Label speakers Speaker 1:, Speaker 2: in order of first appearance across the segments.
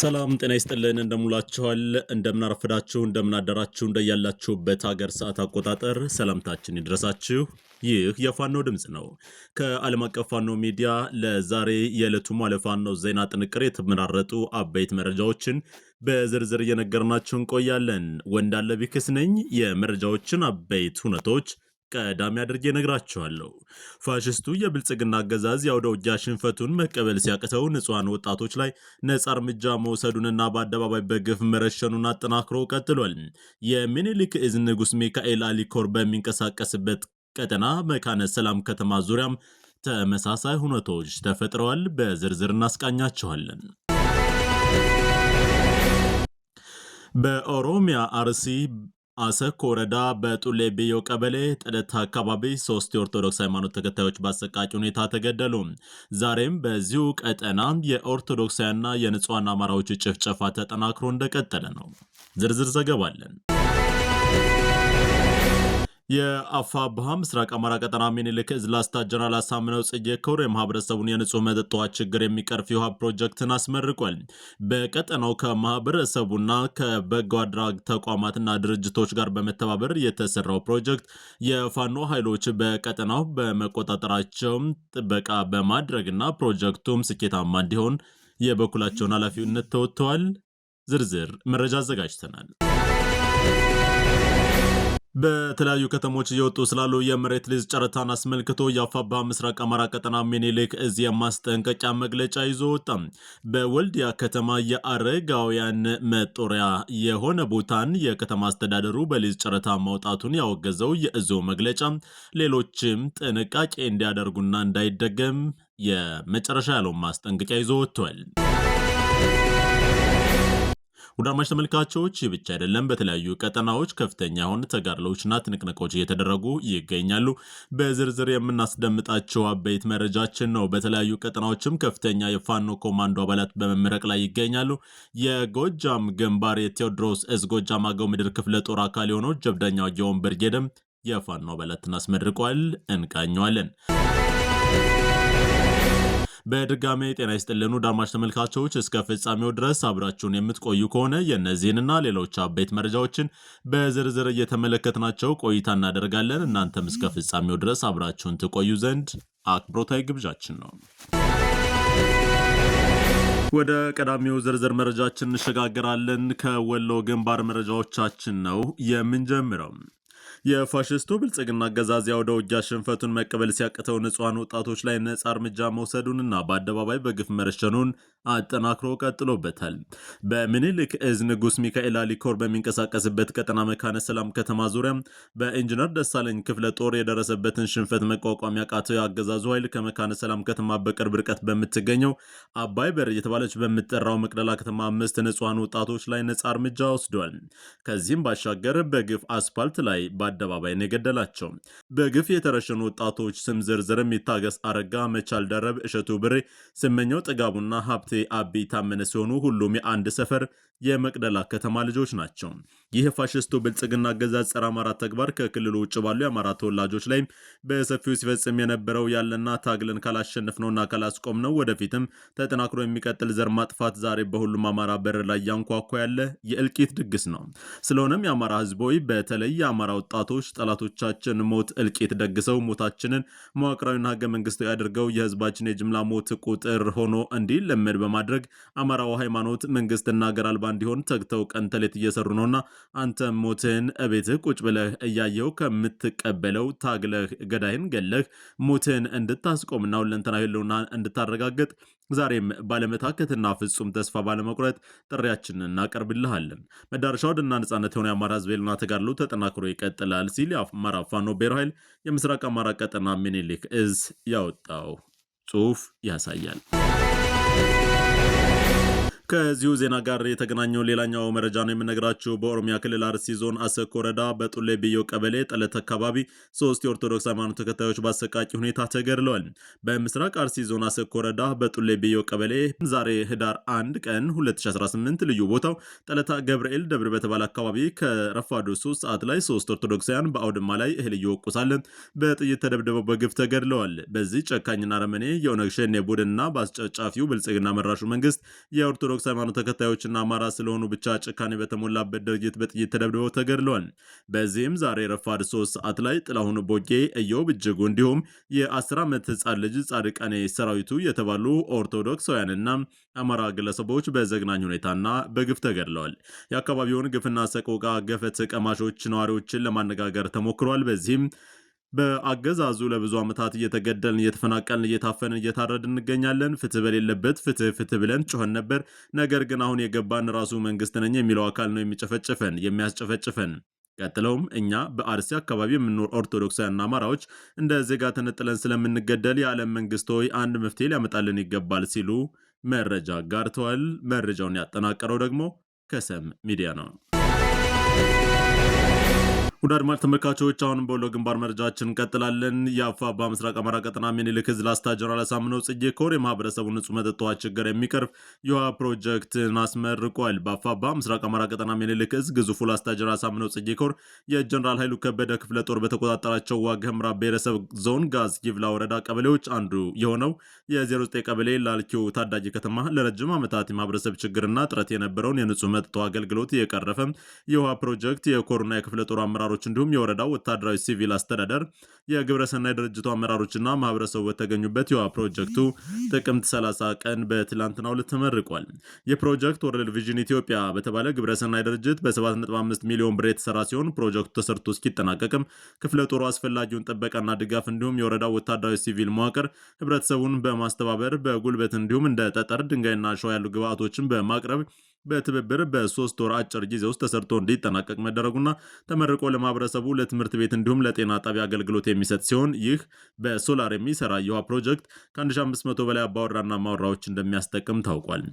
Speaker 1: ሰላም ጤና ይስጥልን። እንደሙላችኋል፣ እንደምናረፍዳችሁ፣ እንደምናደራችሁ፣ እንደያላችሁበት ሀገር ሰዓት አቆጣጠር ሰላምታችን ይድረሳችሁ። ይህ የፋኖ ድምፅ ነው። ከዓለም አቀፍ ፋኖ ሚዲያ ለዛሬ የዕለቱ ማለ ፋኖ ዜና ጥንቅር የተመራረጡ አበይት መረጃዎችን በዝርዝር እየነገርናችሁ እንቆያለን። ወንዳለ ቢክስ ነኝ። የመረጃዎችን አበይት ሁነቶች ቀዳሚ አድርጌ ነግራቸዋለሁ። ፋሽስቱ የብልጽግና አገዛዝ የአውደ ውጊያ ሽንፈቱን መቀበል ሲያቅተው ንጹሐን ወጣቶች ላይ ነጻ እርምጃ መውሰዱንና በአደባባይ በግፍ መረሸኑን አጠናክሮ ቀጥሏል። የሚኒሊክ እዝ ንጉስ ሚካኤል አሊኮር በሚንቀሳቀስበት ቀጠና መካነ ሰላም ከተማ ዙሪያም ተመሳሳይ ሁነቶች ተፈጥረዋል። በዝርዝር እናስቃኛቸዋለን። በኦሮሚያ አርሲ አሰኮ ወረዳ በጡሌ ብዮ ቀበሌ ጥለት አካባቢ ሶስት የኦርቶዶክስ ሃይማኖት ተከታዮች በአሰቃቂ ሁኔታ ተገደሉ። ዛሬም በዚሁ ቀጠና የኦርቶዶክሳውያንና የንጹሐን አማራዎች ጭፍጨፋ ተጠናክሮ እንደቀጠለ ነው። ዝርዝር ዘገባለን። የአፋብሃ ምስራቅ አማራ ቀጠና ሚኒልክ እዝ ላስታ ጀነራል አሳምነው ጽጌ ክቡር የማህበረሰቡን የንጹህ መጠጥ ውሃ ችግር የሚቀርፍ የውሃ ፕሮጀክትን አስመርቋል። በቀጠናው ከማህበረሰቡና ከበጎ አድራግ ተቋማትና ድርጅቶች ጋር በመተባበር የተሰራው ፕሮጀክት የፋኖ ኃይሎች በቀጠናው በመቆጣጠራቸውም ጥበቃ በማድረግና ፕሮጀክቱም ስኬታማ እንዲሆን የበኩላቸውን ኃላፊነት ተወጥተዋል። ዝርዝር መረጃ አዘጋጅተናል። በተለያዩ ከተሞች እየወጡ ስላሉ የመሬት ሊዝ ጨረታን አስመልክቶ የአፋባ ምስራቅ አማራ ቀጠና ሚኒሊክ እዚህ የማስጠንቀቂያ መግለጫ ይዞ ወጣ። በወልዲያ ከተማ የአረጋውያን መጦሪያ የሆነ ቦታን የከተማ አስተዳደሩ በሊዝ ጨረታ ማውጣቱን ያወገዘው የእዞ መግለጫ ሌሎችም ጥንቃቄ እንዲያደርጉና እንዳይደገም የመጨረሻ ያለውን ማስጠንቀቂያ ይዞ ወጥቷል። ጉዳማች ተመልካቾች ብቻ አይደለም። በተለያዩ ቀጠናዎች ከፍተኛ የሆኑ ተጋድሎዎችና ትንቅንቆች እየተደረጉ ይገኛሉ። በዝርዝር የምናስደምጣቸው አበይት መረጃችን ነው። በተለያዩ ቀጠናዎችም ከፍተኛ የፋኖ ኮማንዶ አባላት በመመረቅ ላይ ይገኛሉ። የጎጃም ግንባር የቴዎድሮስ እዝ ጎጃም አገው ምድር ክፍለ ጦር አካል የሆነው ጀብደኛው የወን ብርጌድም የፋኖ አባላትን አስመርቋል። እንቃኘዋለን። በድጋሚ ጤና ይስጥልን ዳማሽ ተመልካቾች እስከ ፍጻሜው ድረስ አብራችሁን የምትቆዩ ከሆነ የእነዚህንና ሌሎች አበይት መረጃዎችን በዝርዝር እየተመለከትናቸው ቆይታ እናደርጋለን። እናንተም እስከ ፍጻሜው ድረስ አብራችሁን ትቆዩ ዘንድ አክብሮታዊ ግብዣችን ነው። ወደ ቀዳሚው ዝርዝር መረጃችን እንሸጋግራለን። ከወሎ ግንባር መረጃዎቻችን ነው የምንጀምረው። የፋሽስቱ ብልጽግና አገዛዝ ወደ ውጊያ ሽንፈቱን መቀበል ሲያቅተው ንጹሐን ወጣቶች ላይ ነጻ እርምጃ መውሰዱንና በአደባባይ በግፍ መረሸኑን አጠናክሮ ቀጥሎበታል። በምኒልክ እዝ ንጉስ ሚካኤል አሊኮር በሚንቀሳቀስበት ቀጠና መካነ ሰላም ከተማ ዙሪያ በኢንጂነር ደሳለኝ ክፍለ ጦር የደረሰበትን ሽንፈት መቋቋም ያቃተው የአገዛዙ ኃይል ከመካነ ሰላም ከተማ በቅርብ ርቀት በምትገኘው አባይ በር እየተባለች በምትጠራው መቅደላ ከተማ አምስት ንጹሐን ወጣቶች ላይ ነጻ እርምጃ ወስዷል። ከዚህም ባሻገር በግፍ አስፓልት ላይ በአደባባይ ነው የገደላቸው። በግፍ የተረሸኑ ወጣቶች ስም ዝርዝር የሚታገስ አረጋ፣ መቻል ደረብ፣ እሸቱ ብሬ፣ ስመኛው ጥጋቡና ሀብቴ አቢ ታመነ ሲሆኑ ሁሉም የአንድ ሰፈር የመቅደላ ከተማ ልጆች ናቸው። ይህ የፋሽስቱ ብልጽግና አገዛዝ ጸረ አማራ ተግባር ከክልሉ ውጭ ባሉ የአማራ ተወላጆች ላይ በሰፊው ሲፈጽም የነበረው ያለና ታግለን ካላሸንፍ ነውና ካላስቆም ነው ወደፊትም ተጠናክሮ የሚቀጥል ዘር ማጥፋት ዛሬ በሁሉም አማራ በር ላይ ያንኳኳ ያለ የእልቂት ድግስ ነው። ስለሆነም የአማራ ህዝቦይ በተለይ የአማራ ወጣቶች ጠላቶቻችን ሞት እልቂት ደግሰው ሞታችንን መዋቅራዊና ህገ መንግስታዊ አድርገው የህዝባችን የጅምላ ሞት ቁጥር ሆኖ እንዲለመድ በማድረግ አማራው ሃይማኖት መንግስትና ገር አልባ እንዲሆን ተግተው ቀን ተሌት እየሰሩ ነውና አንተ ሞትህን እቤትህ ቁጭ ብለህ እያየው ከምትቀበለው ታግለህ ገዳይን ገለህ ሞትህን እንድታስቆምና ሁለንተና ህልውና እንድታረጋግጥ ዛሬም ባለመታከትና ፍጹም ተስፋ ባለመቁረጥ ጥሪያችንን እናቀርብልሃለን። መዳረሻው ደና ነጻነት የሆነ የአማራ ህዝብ ልና ተጋድሎ ተጠናክሮ ይቀጥላል ሲል የአማራ ፋኖ ብሔራዊ ኃይል የምስራቅ አማራ ቀጠና ሚኒሊክ እዝ ያወጣው ጽሑፍ ያሳያል። ከዚሁ ዜና ጋር የተገናኘው ሌላኛው መረጃ ነው የምነግራችሁ። በኦሮሚያ ክልል አርሲ ዞን አሰኮ ወረዳ በጡሌ ብዮ ቀበሌ ጠለት አካባቢ ሶስት የኦርቶዶክስ ሃይማኖት ተከታዮች በአሰቃቂ ሁኔታ ተገድለዋል። በምስራቅ አርሲ ዞን አሰኮ ወረዳ በጡሌ ብዮ ቀበሌ ዛሬ ህዳር 1 ቀን 2018 ልዩ ቦታው ጠለታ ገብርኤል ደብር በተባለ አካባቢ ከረፋዱ ሶስት ሰዓት ላይ ሶስት ኦርቶዶክሳውያን በአውድማ ላይ እህል እየወቁ በጥይት ተደብድበው በግፍ ተገድለዋል። በዚህ ጨካኝና ረመኔ የኦነግ ሸኔ ቡድንና በአስጨጫፊው ብልጽግና መራሹ መንግስት የኦርቶዶክስ ኦርቶዶክስ ሃይማኖት ተከታዮችና አማራ ስለሆኑ ብቻ ጭካኔ በተሞላበት ድርጊት በጥይት ተደብድበው ተገድለዋል። በዚህም ዛሬ ረፋድ ሶስት ሰዓት ላይ ጥላሁን ቦጌ፣ እዮብ እጅጉ እንዲሁም የ ዓመት ህፃን ልጅ ጻድቃኔ ሰራዊቱ የተባሉ ኦርቶዶክሳውያንና አማራ ግለሰቦች በዘግናኝ ሁኔታና በግፍ ተገድለዋል። የአካባቢውን ግፍና ሰቆቃ ገፈት ቀማሾች ነዋሪዎችን ለማነጋገር ተሞክሯል። በዚህም በአገዛዙ ለብዙ ዓመታት እየተገደልን እየተፈናቀልን እየታፈንን እየታረድን እንገኛለን። ፍትህ በሌለበት ፍትህ ፍትህ ብለን ጮኸን ነበር። ነገር ግን አሁን የገባን ራሱ መንግስት ነኝ የሚለው አካል ነው የሚጨፈጭፈን የሚያስጨፈጭፈን። ቀጥለውም እኛ በአርሲ አካባቢ የምንኖር ኦርቶዶክሳውያንና አማራዎች እንደ ዜጋ ተነጥለን ስለምንገደል የዓለም መንግስት ሆይ አንድ መፍትሄ ሊያመጣልን ይገባል ሲሉ መረጃ ጋርተዋል። መረጃውን ያጠናቀረው ደግሞ ከሰም ሚዲያ ነው። ወደ አድማጭ ተመልካቾች አሁንም በወሎ ግንባር መረጃችን እንቀጥላለን። የአፋ በምስራቅ አማራ ቀጠና ሚኒልክ ዕዝ ላስታ ጀነራል አሳምነው ጽጌ ኮር የማህበረሰቡን ንጹህ መጠጥ ውሃ ችግር የሚቀርፍ የውሃ ፕሮጀክትን አስመርቋል። በአፋ በምስራቅ አማራ ቀጠና ሚኒልክ ዕዝ ግዙፉ ላስታ ጀነራል አሳምነው ጽጌ ኮር የጀነራል ኃይሉ ከበደ ክፍለ ጦር በተቆጣጠራቸው ዋግ ኽምራ ብሔረሰብ ዞን ጋዝ ጊብላ ወረዳ ቀበሌዎች አንዱ የሆነው የ09 ቀበሌ ላልኪው ታዳጊ ከተማ ለረጅም ዓመታት የማህበረሰብ ችግርና ጥረት የነበረውን የንጹህ መጠጥ አገልግሎት የቀረፈ የውሃ ፕሮጀክት የኮርና የክፍለ ጦር አመራር አመራሮች እንዲሁም የወረዳው ወታደራዊ ሲቪል አስተዳደር የግብረሰናይ ድርጅቱ አመራሮችና ማህበረሰቡ በተገኙበት የውሃ ፕሮጀክቱ ጥቅምት 30 ቀን በትላንትናው ዕለት ተመርቋል። የፕሮጀክት ወርልድ ቪዥን ኢትዮጵያ በተባለ ግብረሰናይ ድርጅት በ7.5 ሚሊዮን ብር የተሰራ ሲሆን ፕሮጀክቱ ተሰርቶ እስኪጠናቀቅም ክፍለ ጦሩ አስፈላጊውን ጥበቃና ድጋፍ እንዲሁም የወረዳው ወታደራዊ ሲቪል መዋቅር ህብረተሰቡን በማስተባበር በጉልበት እንዲሁም እንደ ጠጠር ድንጋይና አሸዋ ያሉ ግብአቶችን በማቅረብ በትብብር በሶስት ወር አጭር ጊዜ ውስጥ ተሰርቶ እንዲጠናቀቅ መደረጉና ተመርቆ ለማህበረሰቡ ለትምህርት ቤት እንዲሁም ለጤና ጣቢያ አገልግሎት የሚሰጥ ሲሆን ይህ በሶላር የሚሰራ የውሃ ፕሮጀክት ከ1500 በላይ አባወራና ማወራዎች እንደሚያስጠቅም ታውቋል።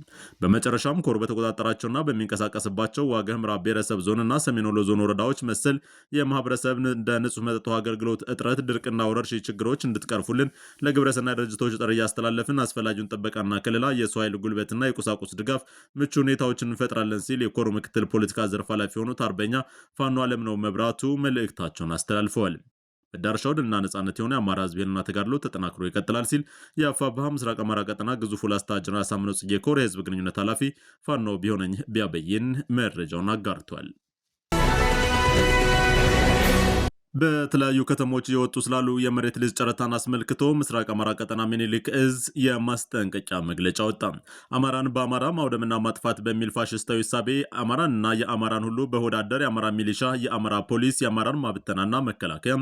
Speaker 1: በመጨረሻም ኮር በተቆጣጠራቸውና በሚንቀሳቀስባቸው ዋግ ብሔረሰብ ዞንና ሰሜን ወሎ ዞን ወረዳዎች መሰል የማህበረሰብ እንደ ንጹህ መጠጥ ውሃ አገልግሎት እጥረት፣ ድርቅና ወረርሽኝ ችግሮች እንድትቀርፉልን ለግብረሰናይ ድርጅቶች ጥሪ እያስተላለፍን አስፈላጊውን ጥበቃና ክልላ የሰው ኃይል ጉልበትና የቁሳቁስ ድጋፍ ምቹ ሁኔታዎች ሁኔታዎችን እንፈጥራለን ሲል የኮር ምክትል ፖለቲካ ዘርፍ ኃላፊ የሆኑት አርበኛ ፋኖ አለምነው መብራቱ መልእክታቸውን አስተላልፈዋል። መዳረሻው ድልና ነጻነት የሆነ የአማራ ህዝብ ህልና ተጋድሎ ተጠናክሮ ይቀጥላል ሲል የአፋብሃ ምስራቅ አማራ ቀጠና ግዙፉ ላስታ ጀነራል አሳምነው ጽጌ ኮር የህዝብ ግንኙነት ኃላፊ ፋኖ ቢሆነኝ ቢያበይን መረጃውን አጋርቷል። በተለያዩ ከተሞች የወጡ ስላሉ የመሬት ሊዝ ጨረታን አስመልክቶ ምስራቅ አማራ ቀጠና ሚኒሊክ እዝ የማስጠንቀቂያ መግለጫ ወጣ። አማራን በአማራ ማውደምና ማጥፋት በሚል ፋሽስታዊ እሳቤ አማራንና የአማራን ሁሉ በሆዳደር የአማራ ሚሊሻ፣ የአማራ ፖሊስ፣ የአማራን ማብተናና መከላከያ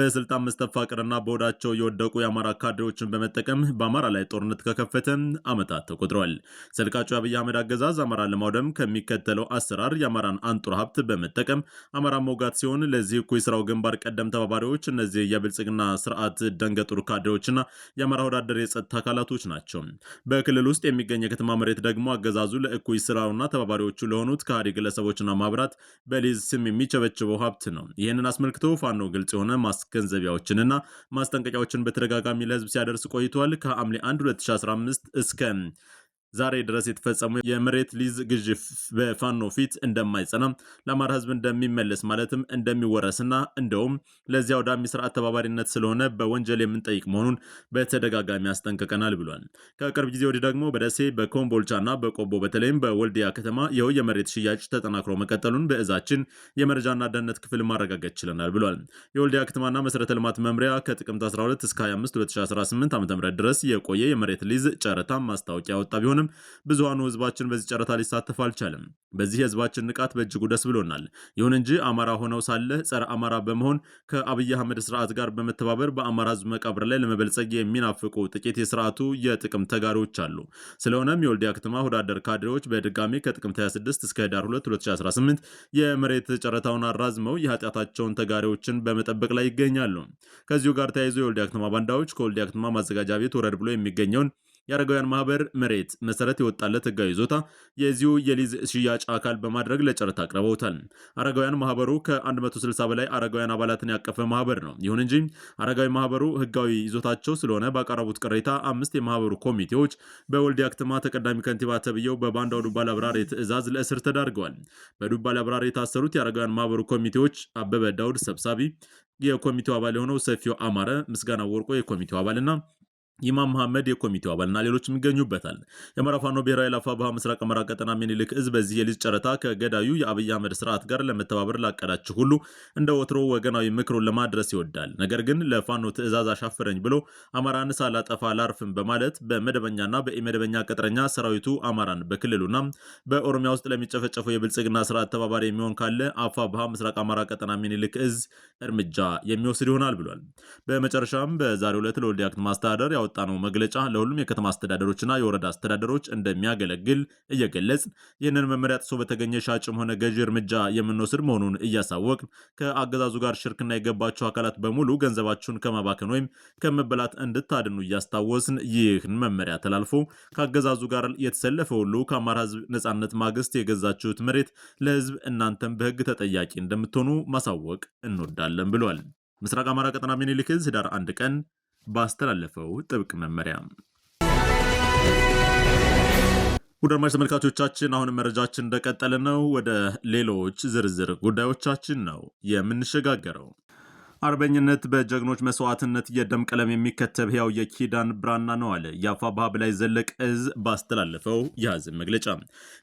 Speaker 1: በስልጣን መስተፋቅርና በሆዳቸው የወደቁ የአማራ ካድሬዎችን በመጠቀም በአማራ ላይ ጦርነት ከከፈተ ዓመታት ተቆጥረዋል። ሰልቃጩ የአብይ አህመድ አገዛዝ አማራን ለማውደም ከሚከተለው አሰራር የአማራን አንጡር ሀብት በመጠቀም አማራን መውጋት ሲሆን ለዚህ እኩይ ስራው ግንባር ቀደም ተባባሪዎች እነዚህ የብልጽግና ስርዓት ደንገጡር ካድሬዎችና የአማራ ወዳደር የጸጥታ አካላቶች ናቸው። በክልል ውስጥ የሚገኝ የከተማ መሬት ደግሞ አገዛዙ ለእኩይ ስራውና ተባባሪዎቹ ለሆኑት ከሃዲ ግለሰቦችና ማብራት በሊዝ ስም የሚቸበችበው ሀብት ነው። ይህንን አስመልክቶ ፋኖ ግልጽ የሆነ ማስገንዘቢያዎችንና ማስጠንቀቂያዎችን በተደጋጋሚ ለህዝብ ሲያደርስ ቆይቷል። ከሐምሌ 1 2015 እስከ ዛሬ ድረስ የተፈጸሙ የመሬት ሊዝ ግዥ በፋኖ ፊት እንደማይጸና ለአማራ ህዝብ እንደሚመለስ ማለትም እንደሚወረስና እንደውም ለዚያ ወደ አሚስር ተባባሪነት ስለሆነ በወንጀል የምንጠይቅ መሆኑን በተደጋጋሚ አስጠንቅቀናል ብሏል። ከቅርብ ጊዜ ወዲህ ደግሞ በደሴ በኮምቦልቻና በቆቦ በተለይም በወልዲያ ከተማ ይኸው የመሬት ሽያጭ ተጠናክሮ መቀጠሉን በእዛችን የመረጃና ደህንነት ክፍል ማረጋገጥ ችለናል ብሏል። የወልዲያ ከተማና መሰረተ ልማት መምሪያ ከጥቅምት 12 እስከ 25 2018 ዓ ም ድረስ የቆየ የመሬት ሊዝ ጨረታ ማስታወቂያ ወጣ ቢሆን ቢሆንም ብዙሃኑ ህዝባችን በዚህ ጨረታ ሊሳተፍ አልቻለም። በዚህ የህዝባችን ንቃት በእጅጉ ደስ ብሎናል። ይሁን እንጂ አማራ ሆነው ሳለ ጸረ አማራ በመሆን ከአብይ አህመድ ስርዓት ጋር በመተባበር በአማራ ህዝብ መቃብር ላይ ለመበልጸግ የሚናፍቁ ጥቂት የስርዓቱ የጥቅም ተጋሪዎች አሉ። ስለሆነም የወልዲያ ከተማ ወዳደር ካድሬዎች በድጋሚ ከጥቅምት 26 እስከ ህዳር 2 2018 የመሬት ጨረታውን አራዝመው የኃጢአታቸውን ተጋሪዎችን በመጠበቅ ላይ ይገኛሉ። ከዚሁ ጋር ተያይዞ የወልዲያ ከተማ ባንዳዎች ከወልዲያ ከተማ ማዘጋጃ ቤት ወረድ ብሎ የሚገኘውን የአረጋውያን ማህበር መሬት መሰረት የወጣለት ህጋዊ ይዞታ የዚሁ የሊዝ ሽያጭ አካል በማድረግ ለጨረታ አቅርበውታል። አረጋውያን ማህበሩ ከ160 በላይ አረጋውያን አባላትን ያቀፈ ማህበር ነው። ይሁን እንጂ አረጋዊ ማህበሩ ህጋዊ ይዞታቸው ስለሆነ ባቀረቡት ቅሬታ አምስት የማህበሩ ኮሚቴዎች በወልዲያ ከተማ ተቀዳሚ ከንቲባ ተብዬው በባንዳው ዱባል አብራሪ ትእዛዝ ለእስር ተዳርገዋል። በዱባል አብራሪ የታሰሩት የአረጋውያን ማህበሩ ኮሚቴዎች አበበ ዳውድ ሰብሳቢ የኮሚቴው አባል የሆነው ሰፊው አማረ ምስጋና ወርቆ የኮሚቴው አባልና ኢማም መሐመድ የኮሚቴው አባልና ሌሎችም ይገኙበታል። የአማራ ፋኖ ብሔራዊ ላፋ ምስራቅ አማራ ቀጠና ሚኒልክ እዝ በዚህ የልጅ ጨረታ ከገዳዩ የአብይ አህመድ ስርዓት ጋር ለመተባበር ላቀዳችሁ ሁሉ እንደ ወትሮ ወገናዊ ምክሩን ለማድረስ ይወዳል። ነገር ግን ለፋኖ ትዕዛዝ አሻፈረኝ ብሎ አማራን ሳላጠፋ ላርፍም በማለት በመደበኛና በኢመደበኛ ቅጥረኛ ሰራዊቱ አማራን በክልሉና በኦሮሚያ ውስጥ ለሚጨፈጨፈው የብልጽግና ስርዓት ተባባሪ የሚሆን ካለ አፋ ምስራቅ አማራ ቀጠና ሚኒልክ እዝ እርምጃ የሚወስድ ይሆናል ብሏል። በመጨረሻም በዛሬው ዕለት ለወልዲያ ከተማ አስተዳደር ባወጣነው መግለጫ ለሁሉም የከተማ አስተዳደሮችና የወረዳ አስተዳደሮች እንደሚያገለግል እየገለጽን ይህንን መመሪያ ጥሶ በተገኘ ሻጭም ሆነ ገዢ እርምጃ የምንወስድ መሆኑን እያሳወቅን ከአገዛዙ ጋር ሽርክና የገባቸው አካላት በሙሉ ገንዘባችሁን ከማባከን ወይም ከመበላት እንድታድኑ እያስታወስን ይህን መመሪያ ተላልፎ ከአገዛዙ ጋር የተሰለፈ ሁሉ ከአማራ ህዝብ ነጻነት ማግስት የገዛችሁት መሬት ለህዝብ እናንተም በህግ ተጠያቂ እንደምትሆኑ ማሳወቅ እንወዳለን ብሏል። ምስራቅ አማራ ቀጠና ሚኒሊክ ህዳር አንድ ቀን ባስተላለፈው ጥብቅ መመሪያ ውድ አድማጭ ተመልካቾቻችን አሁን መረጃችን እንደቀጠለ ነው። ወደ ሌሎች ዝርዝር ጉዳዮቻችን ነው የምንሸጋገረው። አርበኝነት በጀግኖች መስዋዕትነት የደም ቀለም የሚከተብ ሕያው የኪዳን ብራና ነው አለ የአፋብኃ በላይ ዘለቀ እዝ ባስተላለፈው የሐዘን መግለጫ።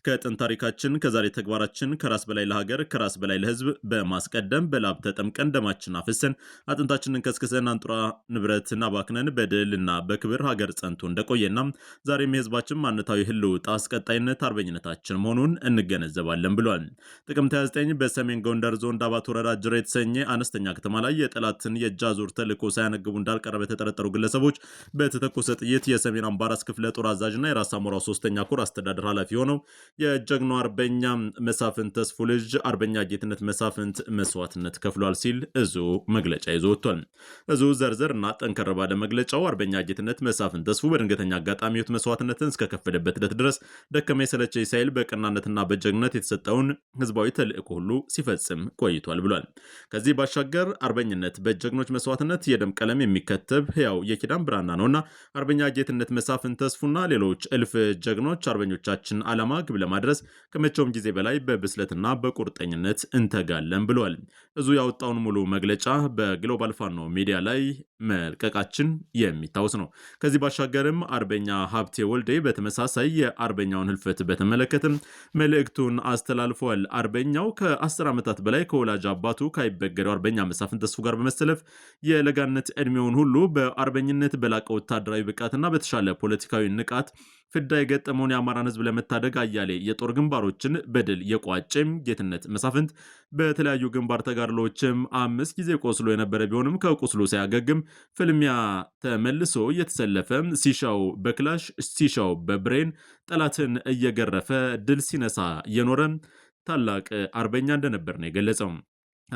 Speaker 1: ከጥንት ታሪካችን፣ ከዛሬ ተግባራችን ከራስ በላይ ለሀገር፣ ከራስ በላይ ለህዝብ በማስቀደም በላብ ተጠምቀን ደማችን አፍሰን አጥንታችንን ከስክሰን አንጡራ ንብረትን አባክነን በድልና በክብር ሀገር ጸንቶ እንደቆየና ዛሬም የህዝባችን ማንነታዊ ህልውጥ አስቀጣይነት አርበኝነታችን መሆኑን እንገነዘባለን ብሏል። ጥቅምት 29 በሰሜን ጎንደር ዞን ዳባት ወረዳ ጅራ የተሰኘ አነስተኛ ከተማ ላይ የጠላትን የእጅ አዙር ተልዕኮ ሳያነግቡ እንዳልቀረበ የተጠረጠሩ ግለሰቦች በተተኮሰ ጥይት የሰሜን አምባራስ ክፍለ ጦር አዛዥና የራስ አሞራ ሶስተኛ ኮር አስተዳደር ኃላፊ የሆነው የጀግናው አርበኛ መሳፍንት ተስፉ ልጅ አርበኛ ጌትነት መሳፍንት መስዋዕትነት ከፍሏል ሲል እዙ መግለጫ ይዞ ወጥቷል። እዙ ዘርዘር እና ጠንከር ባለ መግለጫው አርበኛ ጌትነት መሳፍንት ተስፉ በድንገተኛ አጋጣሚ ህይወት መስዋዕትነትን እስከከፈለበት ዕለት ድረስ ደከመ የሰለቸ ሳይል በቀናነትና በጀግነት የተሰጠውን ህዝባዊ ተልዕኮ ሁሉ ሲፈጽም ቆይቷል ብሏል። ከዚህ ባሻገር አርበኛ በዋነኝነት በጀግኖች መስዋዕትነት የደም ቀለም የሚከተብ ሕያው የኪዳን ብራና ነውና አርበኛ ጌትነት መሳፍን ተስፉና ሌሎች እልፍ ጀግኖች አርበኞቻችን ዓላማ ግብ ለማድረስ ከመቼውም ጊዜ በላይ በብስለትና በቁርጠኝነት እንተጋለን ብሏል። እዙ ያወጣውን ሙሉ መግለጫ በግሎባል ፋኖ ሚዲያ ላይ መልቀቃችን የሚታወስ ነው። ከዚህ ባሻገርም አርበኛ ሀብቴ ወልዴ በተመሳሳይ የአርበኛውን ህልፈት በተመለከትም መልእክቱን አስተላልፏል። አርበኛው ከአስር ዓመታት በላይ ከወላጅ አባቱ ካይበገረው አርበኛ መሳፍን ተስፉ ጋር በመሰለፍ የለጋነት ዕድሜውን ሁሉ በአርበኝነት በላቀ ወታደራዊ ብቃትና በተሻለ ፖለቲካዊ ንቃት ፍዳ የገጠመውን የአማራን ህዝብ ለመታደግ አያሌ የጦር ግንባሮችን በድል የቋጭም ጌትነት መሳፍንት በተለያዩ ግንባር ተጋድሎዎችም አምስት ጊዜ ቆስሎ የነበረ ቢሆንም ከቁስሉ ሳያገግም ፍልሚያ ተመልሶ የተሰለፈ ሲሻው በክላሽ ሲሻው በብሬን ጠላትን እየገረፈ ድል ሲነሳ የኖረ ታላቅ አርበኛ እንደነበር ነው የገለጸው።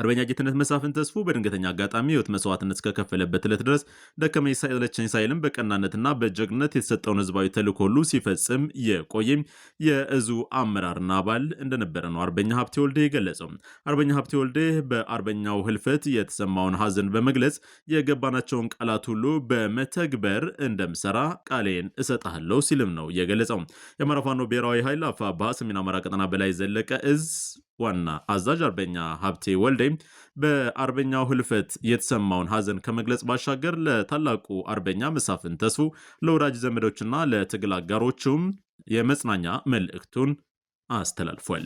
Speaker 1: አርበኛ ጌትነት መሳፍን ተስፎ በድንገተኛ አጋጣሚ ህይወት መስዋዕትነት እስከከፈለበት ዕለት ድረስ ደከመኝ ሳይለቸኝ ሳይልም በቀናነትና በጀግነት የተሰጠውን ህዝባዊ ተልዕኮ ሁሉ ሲፈጽም የቆየም የእዙ አመራርና አባል እንደነበረ ነው አርበኛ ሀብቴ ወልዴ የገለጸው አርበኛ ሀብቴ ወልዴ በአርበኛው ህልፈት የተሰማውን ሀዘን በመግለጽ የገባናቸውን ቃላት ሁሉ በመተግበር እንደምሰራ ቃሌን እሰጣለሁ ሲልም ነው የገለጸው። የአማራ ፋኖ ብሔራዊ ኃይል አፋባ ሰሜን አማራ ቀጠና በላይ ዘለቀ እዝ ዋና አዛዥ አርበኛ ሀብቴ ወልዴ በአርበኛው ህልፈት የተሰማውን ሀዘን ከመግለጽ ባሻገር ለታላቁ አርበኛ መሳፍን ተስፉ ለወዳጅ ዘመዶችና ለትግል አጋሮቹም የመጽናኛ መልእክቱን አስተላልፏል።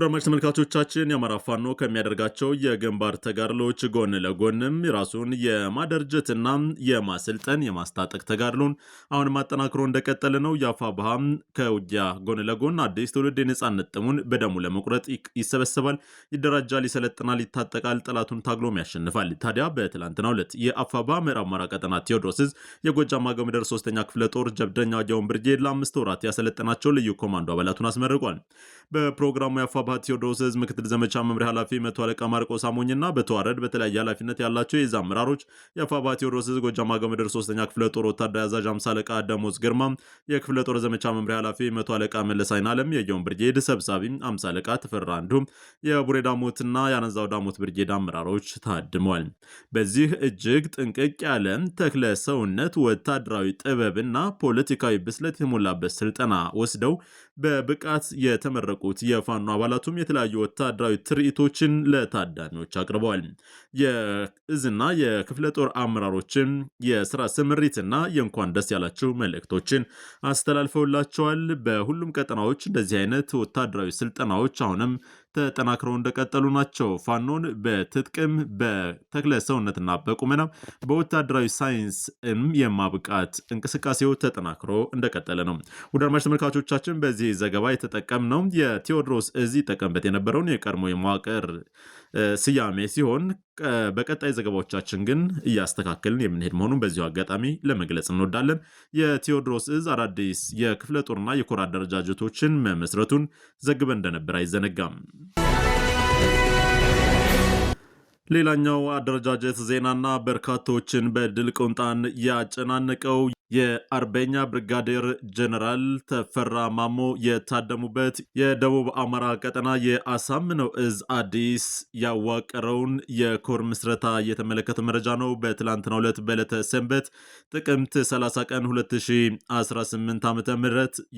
Speaker 1: ጉዳማች ተመልካቾቻችን የአማራ ፋኖ ከሚያደርጋቸው የግንባር ተጋድሎች ጎን ለጎንም የራሱን የማደርጀትና የማሰልጠን የማስታጠቅ ተጋድሎን አሁን ማጠናክሮ እንደቀጠለ ነው። የአፋ ባሃም ከውጊያ ጎን ለጎን አዲስ ትውልድ የነጻነት ጥሙን በደሙ ለመቁረጥ ይሰበሰባል፣ ይደራጃል፣ ይሰለጥናል፣ ይታጠቃል፣ ጠላቱን ታግሎም ያሸንፋል። ታዲያ በትላንትናው ዕለት የአፋ ባህ ምዕራብ አማራ ቀጠና ቴዎድሮስዝ የጎጃ የጎጃም ምድር ሶስተኛ ክፍለ ጦር ጀብደኛ ጊዮን ብርጌድ ለአምስት ወራት ያሰለጠናቸው ልዩ ኮማንዶ አባላቱን አስመርቋል። በፕሮግራሙ የአፋ አባ ቴዎድሮስ ምክትል ዘመቻ መምሪያ ኃላፊ መቶ አለቃ ማርቆስ አሞኝና በተዋረድ በተለያየ ኃላፊነት ያላቸው የዛ አመራሮች የአፋ አባ ቴዎድሮስ ዕዝ ጎጃም አገው ምድር ሶስተኛ ክፍለ ጦር ወታደር አዛዥ አምሳ አለቃ ደሞዝ ግርማ፣ የክፍለ ጦር ዘመቻ መምሪያ ኃላፊ መቶ አለቃ መለስ አይን አለም፣ የየውን ብርጌድ ሰብሳቢ አምሳ አለቃ ተፈራ እንዲሁም የቡሬ ዳሞትና የአነዛው ዳሞት ብርጌድ አመራሮች ታድመዋል። በዚህ እጅግ ጥንቅቅ ያለ ተክለ ሰውነት ወታደራዊ ጥበብና ፖለቲካዊ ብስለት የተሞላበት ስልጠና ወስደው በብቃት የተመረቁት የፋኖ አባላቱም የተለያዩ ወታደራዊ ትርኢቶችን ለታዳሚዎች አቅርበዋል። የእዝና የክፍለ ጦር አመራሮችም የስራ ስምሪትና የእንኳን ደስ ያላቸው መልእክቶችን አስተላልፈውላቸዋል። በሁሉም ቀጠናዎች እንደዚህ አይነት ወታደራዊ ስልጠናዎች አሁንም ተጠናክረው እንደቀጠሉ ናቸው። ፋኖን በትጥቅም በተክለ ሰውነትና በቁመና በወታደራዊ ሳይንስም የማብቃት እንቅስቃሴው ተጠናክሮ እንደቀጠለ ነው። ውድ አድማጭ ተመልካቾቻችን በዚህ ዘገባ የተጠቀምነው የቴዎድሮስ እዚህ ጠቀምበት የነበረውን የቀድሞ የመዋቅር ስያሜ ሲሆን በቀጣይ ዘገባዎቻችን ግን እያስተካከልን የምንሄድ መሆኑን በዚሁ አጋጣሚ ለመግለጽ እንወዳለን። የቴዎድሮስ እዝ አዳዲስ የክፍለ ጦርና የኮር አደረጃጀቶችን መመስረቱን ዘግበን እንደነበር አይዘነጋም። ሌላኛው አደረጃጀት ዜናና በርካቶችን በድል ቁንጣን ያጨናነቀው የአርበኛ ብርጋዴር ጀነራል ተፈራ ማሞ የታደሙበት የደቡብ አማራ ቀጠና የአሳምነው እዝ አዲስ ያዋቀረውን የኮር ምስረታ የተመለከተ መረጃ ነው። በትላንትናው ዕለት በዕለተ ሰንበት ጥቅምት 30 ቀን 2018 ዓ ም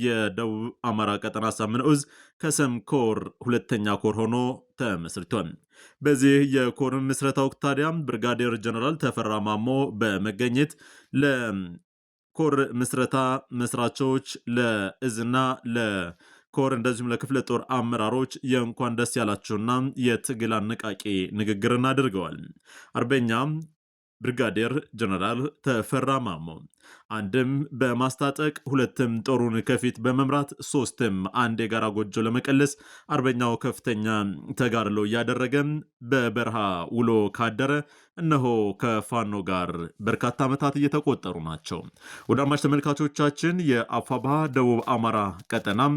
Speaker 1: የደቡብ አማራ ቀጠና አሳምነው እዝ ከሰም ኮር ሁለተኛ ኮር ሆኖ ተመስርቷል። በዚህ የኮር ምስረታ ወቅት ታዲያ ብርጋዴር ጀነራል ተፈራ ማሞ በመገኘት ለኮር ምስረታ መስራቾች ለእዝና ለኮር እንደዚሁም ለክፍለ ጦር አመራሮች የእንኳን ደስ ያላችሁና የትግል አነቃቂ ንግግርን አድርገዋል። አርበኛ ብርጋዴር ጀነራል ተፈራ ማሞ አንድም በማስታጠቅ ሁለትም ጦሩን ከፊት በመምራት ሶስትም አንድ የጋራ ጎጆ ለመቀለስ አርበኛው ከፍተኛ ተጋድሎ እያደረገ በበረሃ ውሎ ካደረ እነሆ ከፋኖ ጋር በርካታ ዓመታት እየተቆጠሩ ናቸው። ወደ አማሽ ተመልካቾቻችን የአፋባ ደቡብ አማራ ቀጠናም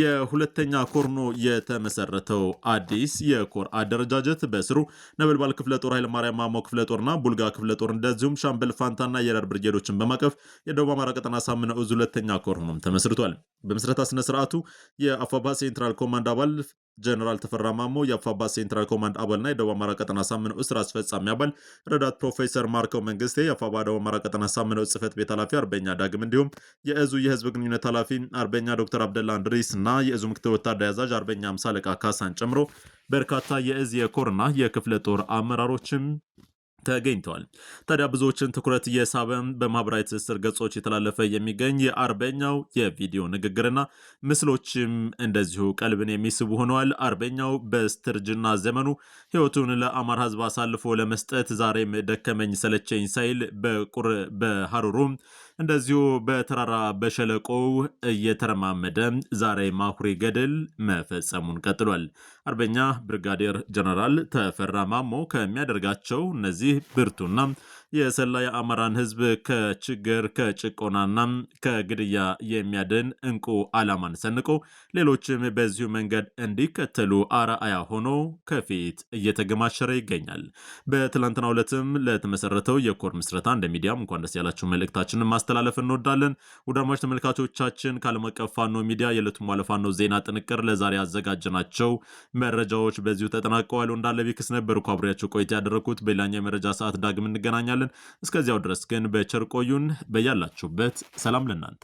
Speaker 1: የሁለተኛ ኮርኖ የተመሰረተው አዲስ የኮር አደረጃጀት በስሩ ነበልባል ክፍለ ጦር፣ ኃይለማርያም ማሞ ክፍለ ጦርና ቡልጋ ክፍለ ጦር እንደዚሁም ሻምበል ፋንታና የረር ብርጌዶችን በማ አቀፍ የደቡብ አማራ ቀጠና ሳምና እዝ ሁለተኛ ኮር ሆኖም ተመስርቷል። በምስረታ ስነ ስርዓቱ የአፋባ ሴንትራል ኮማንድ አባል ጀነራል ተፈራ ማሞ የአፋባ ሴንትራል ኮማንድ አባልና የደቡብ አማራ ቀጠና ሳምነው ስራ አስፈጻሚ አባል ረዳት ፕሮፌሰር ማርኮ መንግስቴ የአፋባ ደቡብ አማራ ቀጠና ሳምነው ጽህፈት ቤት ኃላፊ አርበኛ ዳግም እንዲሁም የእዙ የህዝብ ግንኙነት ኃላፊ አርበኛ ዶክተር አብደላ እንድሪስ እና የእዙ ምክትል ወታደር አዛዥ አርበኛ አምሳ አለቃ ካሳን ጨምሮ በርካታ የእዝ የኮርና የክፍለ ጦር አመራሮችም ተገኝተዋል። ታዲያ ብዙዎችን ትኩረት እየሳበ በማህበራዊ ትስስር ገጾች የተላለፈ የሚገኝ የአርበኛው የቪዲዮ ንግግርና ምስሎችም እንደዚሁ ቀልብን የሚስቡ ሆነዋል። አርበኛው በስትርጅና ዘመኑ ሕይወቱን ለአማራ ሕዝብ አሳልፎ ለመስጠት ዛሬም ደከመኝ ሰለቸኝ ሳይል በቁር በሀሩሩም እንደዚሁ በተራራ በሸለቆው እየተረማመደ ዛሬ ማኩሪ ገደል መፈጸሙን ቀጥሏል። አርበኛ ብርጋዴር ጀነራል ተፈራ ማሞ ከሚያደርጋቸው እነዚህ ብርቱና የሰላ የአማራን ህዝብ ከችግር ከጭቆናና ከግድያ የሚያድን እንቁ ዓላማን ሰንቆ ሌሎችም በዚሁ መንገድ እንዲከተሉ አርአያ ሆኖ ከፊት እየተገማሸረ ይገኛል። በትላንትና ዕለትም ለተመሰረተው የኮር ምስረታ እንደ ሚዲያም እንኳን ደስ ያላችሁ መልእክታችንን ማስተላለፍ እንወዳለን። ውዳማች ተመልካቾቻችን ከዓለም አቀፍ ፋኖ ሚዲያ የዕለቱ ማለ ፋኖ ዜና ጥንቅር ለዛሬ ያዘጋጀናቸው መረጃዎች በዚሁ ተጠናቀዋል። እንዳለ ቢክስ ነበርኩ አብሬያቸው ቆይታ ያደረግኩት። በሌላኛው የመረጃ ሰዓት ዳግም እንገናኛለን። እንጠብቃለን። እስከዚያው ድረስ ግን በቸር ቆዩን። በያላችሁበት ሰላም ለእናንተ።